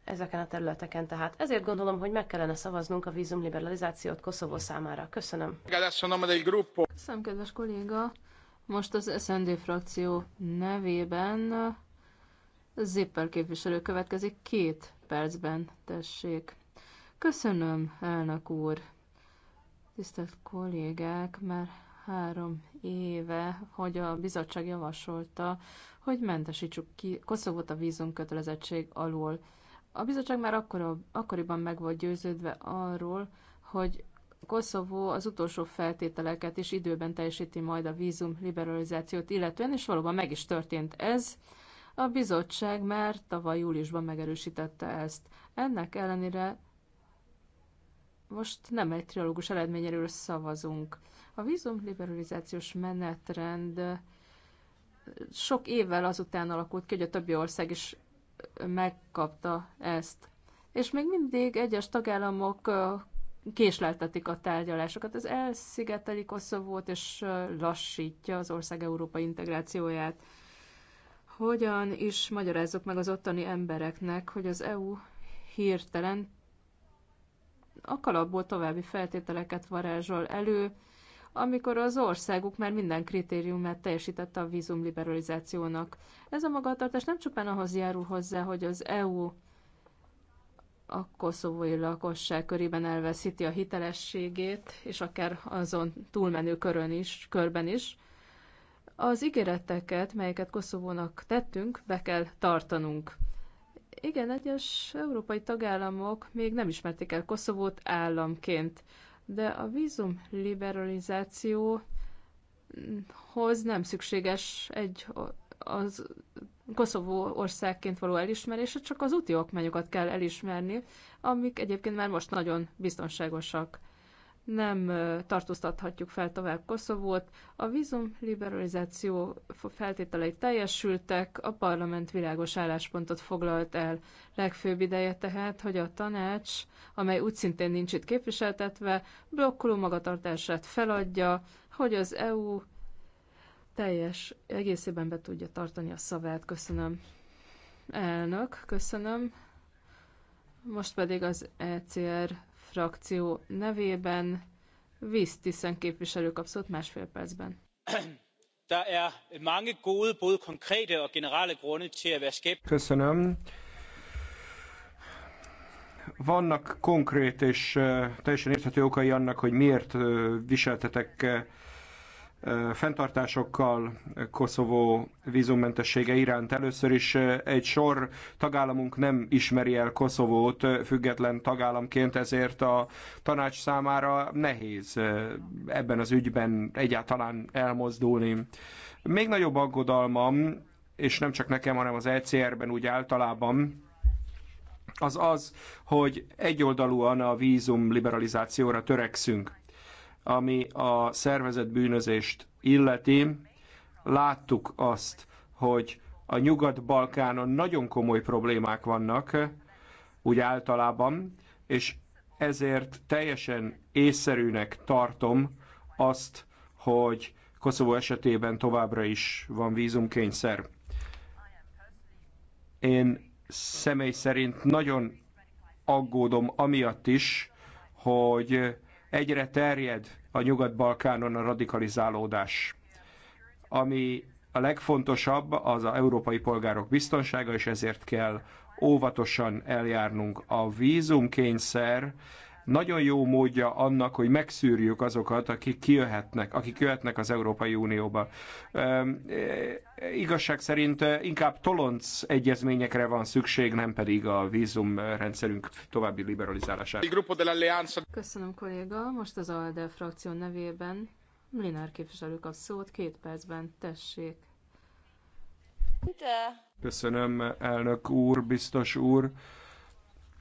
ezeken a területeken tehát. Ezért gondolom, hogy meg kellene szavaznunk a vízumliberalizációt Koszovó számára. Köszönöm. Köszönöm, kedves kolléga. Most az SND frakció nevében Zipper képviselő következik két percben, tessék. Köszönöm, elnök úr. Tisztelt kollégák, már három éve, hogy a bizottság javasolta, hogy mentesítsük ki Koszovót a vízumkötelezettség alól. A bizottság már akkor, akkoriban meg volt győződve arról, hogy Koszovó az utolsó feltételeket is időben teljesíti majd a vízum liberalizációt illetően, és valóban meg is történt ez. A bizottság már tavaly júliusban megerősítette ezt. Ennek ellenére most nem egy trilógus eredményéről szavazunk. A vízum liberalizációs menetrend sok évvel azután alakult ki, hogy a többi ország is megkapta ezt. És még mindig egyes tagállamok késleltetik a tárgyalásokat. Ez elszigeteli Koszovót és lassítja az ország európai integrációját. Hogyan is magyarázzuk meg az ottani embereknek, hogy az EU hirtelen a kalapból további feltételeket varázsol elő, amikor az országuk már minden kritériumát teljesítette a vízumliberalizációnak. Ez a magatartás nem csupán ahhoz járul hozzá, hogy az EU a koszovói lakosság körében elveszíti a hitelességét, és akár azon túlmenő körön is, körben is. Az ígéreteket, melyeket Koszovónak tettünk, be kell tartanunk. Igen, egyes európai tagállamok még nem ismerték el Koszovót államként, de a vízum liberalizációhoz nem szükséges egy az Koszovó országként való elismerése, csak az úti okmányokat kell elismerni, amik egyébként már most nagyon biztonságosak nem tartóztathatjuk fel tovább Koszovót. A vízum liberalizáció feltételei teljesültek, a parlament világos álláspontot foglalt el. Legfőbb ideje tehát, hogy a tanács, amely úgy szintén nincs itt képviseltetve, blokkoló magatartását feladja, hogy az EU teljes egészében be tudja tartani a szavát. Köszönöm. Elnök, köszönöm. Most pedig az ECR frakció nevében Víztiszen képviselő kap szót másfél percben. Er Köszönöm vannak konkrét és eh, teljesen érthető okai annak, hogy miért eh, viseltetek eh, fenntartásokkal Koszovó vízummentessége iránt. Először is egy sor tagállamunk nem ismeri el Koszovót független tagállamként, ezért a tanács számára nehéz ebben az ügyben egyáltalán elmozdulni. Még nagyobb aggodalmam, és nem csak nekem, hanem az ECR-ben úgy általában, az az, hogy egyoldalúan a vízum liberalizációra törekszünk ami a szervezett bűnözést illeti. Láttuk azt, hogy a Nyugat-Balkánon nagyon komoly problémák vannak, úgy általában, és ezért teljesen észszerűnek tartom azt, hogy Koszovó esetében továbbra is van vízumkényszer. Én személy szerint nagyon aggódom amiatt is, hogy Egyre terjed a Nyugat-Balkánon a radikalizálódás, ami a legfontosabb az a európai polgárok biztonsága, és ezért kell óvatosan eljárnunk. A vízumkényszer nagyon jó módja annak, hogy megszűrjük azokat, akik kijöhetnek, akik jöhetnek az Európai Unióba. E, igazság szerint inkább tolonc egyezményekre van szükség, nem pedig a vízumrendszerünk további liberalizálására. Köszönöm, kolléga. Most az ALDE frakció nevében Mlinár képviselő kap szót, két percben tessék. Köszönöm, elnök úr, biztos úr.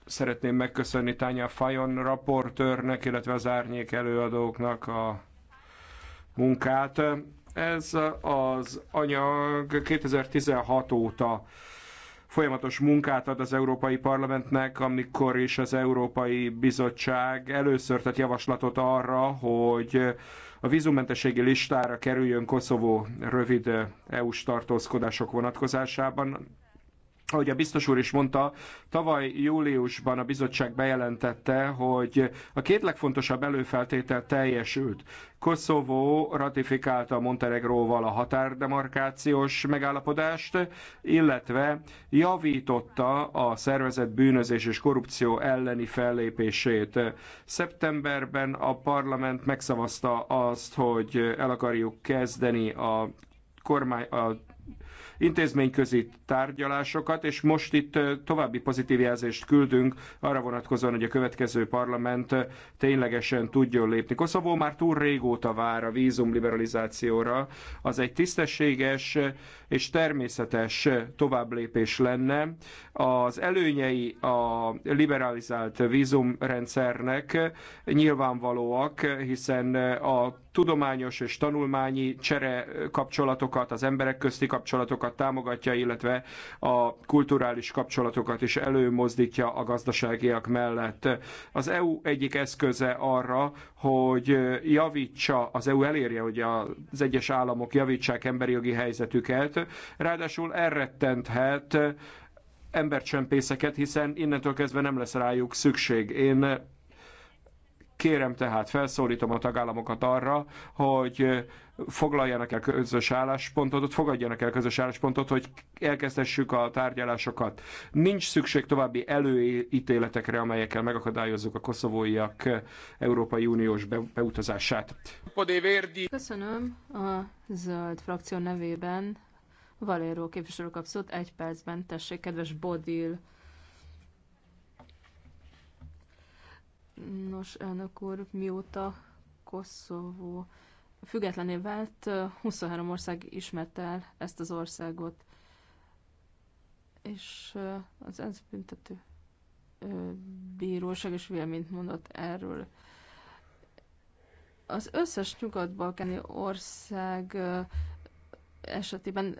Szeretném megköszönni Tánya Fajon raportőrnek, illetve az árnyék előadóknak a munkát. Ez az anyag 2016 óta folyamatos munkát ad az Európai Parlamentnek, amikor is az Európai Bizottság először tett javaslatot arra, hogy a vízumentességi listára kerüljön Koszovó rövid EU-s tartózkodások vonatkozásában ahogy a biztos úr is mondta, tavaly júliusban a bizottság bejelentette, hogy a két legfontosabb előfeltétel teljesült. Koszovó ratifikálta Montenegróval a határdemarkációs megállapodást, illetve javította a szervezet bűnözés és korrupció elleni fellépését. Szeptemberben a parlament megszavazta azt, hogy el akarjuk kezdeni a kormány, a intézményközi tárgyalásokat, és most itt további pozitív jelzést küldünk arra vonatkozóan, hogy a következő parlament ténylegesen tudjon lépni. Koszovó már túl régóta vár a vízum liberalizációra. Az egy tisztességes és természetes továbblépés lenne. Az előnyei a liberalizált vízumrendszernek nyilvánvalóak, hiszen a tudományos és tanulmányi csere kapcsolatokat, az emberek közti kapcsolatokat támogatja, illetve a kulturális kapcsolatokat is előmozdítja a gazdaságiak mellett. Az EU egyik eszköze arra, hogy javítsa, az EU elérje, hogy az egyes államok javítsák emberi jogi helyzetüket, ráadásul elrettenthet embercsempészeket, hiszen innentől kezdve nem lesz rájuk szükség. Én Kérem tehát, felszólítom a tagállamokat arra, hogy foglaljanak el közös álláspontot, fogadjanak el közös álláspontot, hogy elkezdessük a tárgyalásokat. Nincs szükség további előítéletekre, amelyekkel megakadályozzuk a koszovóiak Európai Uniós beutazását. Köszönöm a zöld frakció nevében. Valéro képviselő kapszót egy percben. Tessék, kedves Bodil Nos, elnök úr, mióta Koszovó függetlené vált, 23 ország ismerte el ezt az országot. És az ENSZ büntető bíróság is véleményt mondott erről. Az összes nyugat-balkáni ország esetében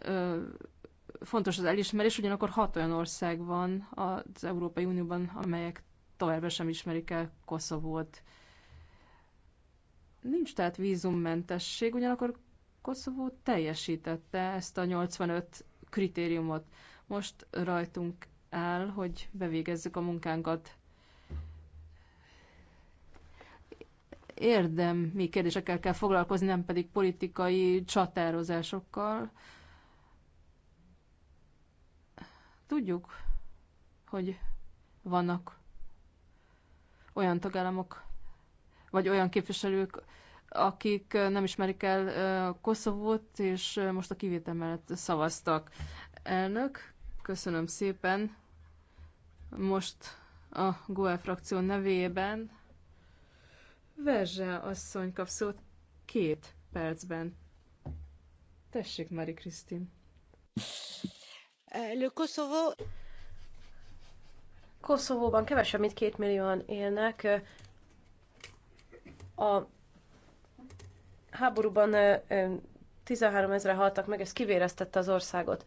fontos az elismerés, ugyanakkor hat olyan ország van az Európai Unióban, amelyek továbbra sem ismerik el Koszovót. Nincs tehát vízummentesség, ugyanakkor Koszovó teljesítette ezt a 85 kritériumot. Most rajtunk áll, hogy bevégezzük a munkánkat. Érdemi kérdésekkel kell foglalkozni, nem pedig politikai csatározásokkal. Tudjuk, hogy vannak olyan tagállamok, vagy olyan képviselők, akik nem ismerik el Koszovót, és most a kivétel mellett szavaztak. Elnök, köszönöm szépen. Most a GOE frakció nevében Verzse asszony kap szót két percben. Tessék, Mari Krisztin. Le Koszovó Koszovóban kevesebb, mint két millióan élnek. A háborúban 13 ezre haltak meg, ez kivéreztette az országot.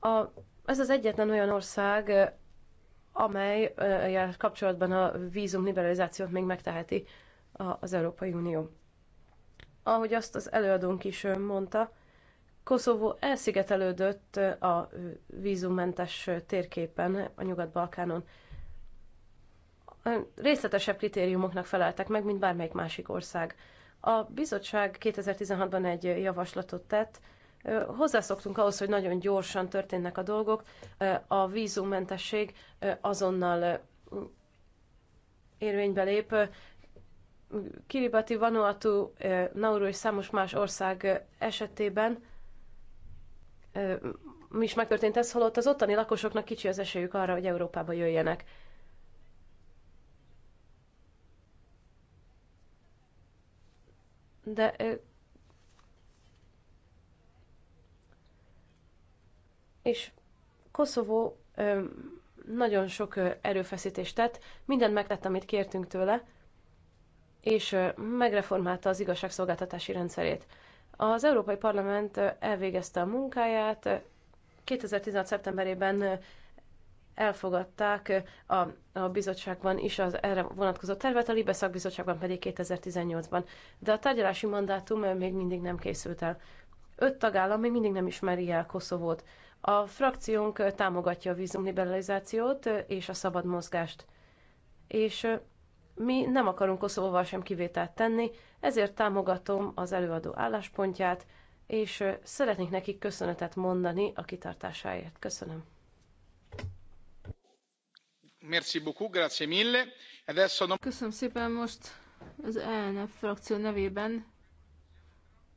A, ez az egyetlen olyan ország, amely kapcsolatban a vízum liberalizációt még megteheti az Európai Unió. Ahogy azt az előadónk is mondta, Koszovó elszigetelődött a vízummentes térképen a Nyugat-Balkánon. Részletesebb kritériumoknak feleltek meg, mint bármelyik másik ország. A bizottság 2016-ban egy javaslatot tett, Hozzászoktunk ahhoz, hogy nagyon gyorsan történnek a dolgok, a vízummentesség azonnal érvénybe lép. Kiribati, Vanuatu, Nauru és számos más ország esetében mi is megtörtént ez, holott az ottani lakosoknak kicsi az esélyük arra, hogy Európába jöjjenek. De és Koszovó nagyon sok erőfeszítést tett, mindent megtett, amit kértünk tőle, és megreformálta az igazságszolgáltatási rendszerét. Az Európai Parlament elvégezte a munkáját, 2016. szeptemberében elfogadták a, a bizottságban is az erre vonatkozó tervet, a Libe szakbizottságban pedig 2018-ban. De a tárgyalási mandátum még mindig nem készült el. Öt tagállam még mindig nem ismeri el Koszovót. A frakciónk támogatja a vízumliberalizációt és a szabad mozgást. És mi nem akarunk Koszovóval sem kivételt tenni, ezért támogatom az előadó álláspontját, és szeretnék nekik köszönetet mondani a kitartásáért. Köszönöm. Merci beaucoup, grazie mille. Adesso... Köszönöm szépen most az ELNF frakció nevében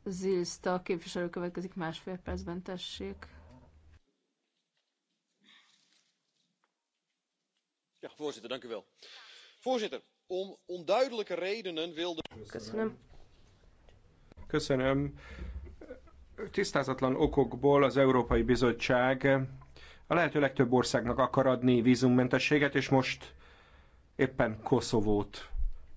Zilszta képviselő következik másfél percben, tessék. Ja, voorzitter, dank u wel. Voorzitter, om onduidelijke redenen wilde... Köszönöm. Köszönöm. Tisztázatlan okokból az Európai Bizottság a lehető legtöbb országnak akar adni vízummentességet, és most éppen Koszovót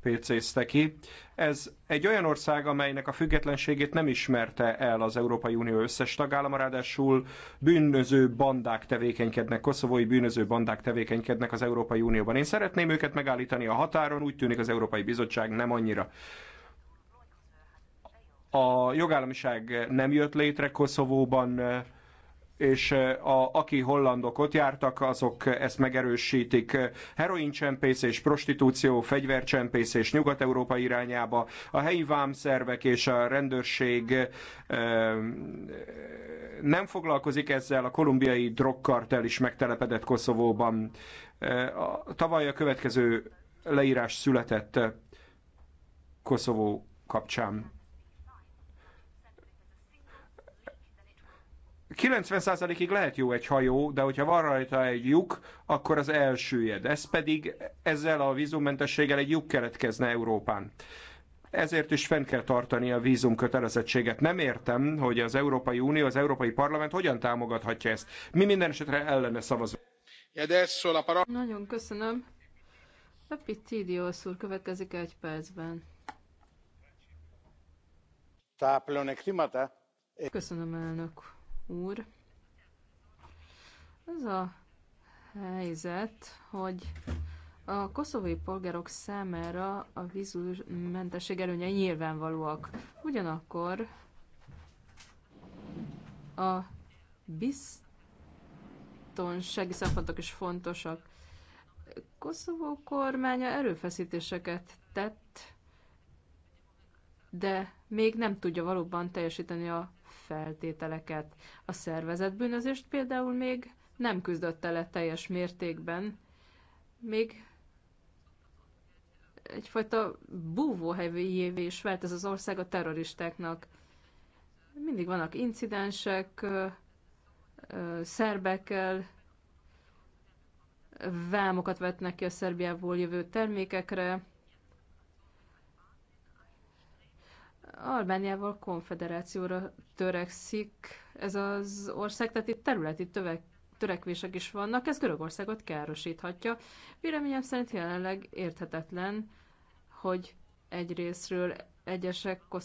pc ki. Ez egy olyan ország, amelynek a függetlenségét nem ismerte el az Európai Unió összes tagállama, ráadásul bűnöző bandák tevékenykednek, koszovói bűnöző bandák tevékenykednek az Európai Unióban. Én szeretném őket megállítani a határon, úgy tűnik az Európai Bizottság nem annyira. A jogállamiság nem jött létre Koszovóban, és a, aki hollandok ott jártak, azok ezt megerősítik. csempész és prostitúció, fegyvercsempész és Nyugat-Európa irányába, a helyi vámszervek és a rendőrség nem foglalkozik ezzel, a kolumbiai drogkartel is megtelepedett Koszovóban. Tavaly a következő leírás született Koszovó kapcsán. 90%-ig lehet jó egy hajó, de hogyha van rajta egy lyuk, akkor az elsőjed. Ez pedig ezzel a vízummentességgel egy lyuk keletkezne Európán. Ezért is fenn kell tartani a vízum kötelezettséget. Nem értem, hogy az Európai Unió, az Európai Parlament hogyan támogathatja ezt. Mi minden esetre ellene szavazunk. Nagyon köszönöm. Epitidios úr következik egy percben. Eh? Köszönöm, elnök úr. Ez a helyzet, hogy a koszovói polgárok számára a vízummentesség előnye nyilvánvalóak. Ugyanakkor a biztonsági szempontok is fontosak. Koszovó kormánya erőfeszítéseket tett, de még nem tudja valóban teljesíteni a feltételeket. A bűnözést például még nem küzdötte le teljes mértékben, még egyfajta búvóhelyévé is vált ez az ország a terroristáknak. Mindig vannak incidensek, szerbekkel, vámokat vetnek ki a Szerbiából jövő termékekre, Albániával konfederációra törekszik ez az ország, tehát itt területi tövek, törekvések is vannak, ez Görögországot károsíthatja. Véleményem szerint jelenleg érthetetlen, hogy egyrésztről egyesek Koszovó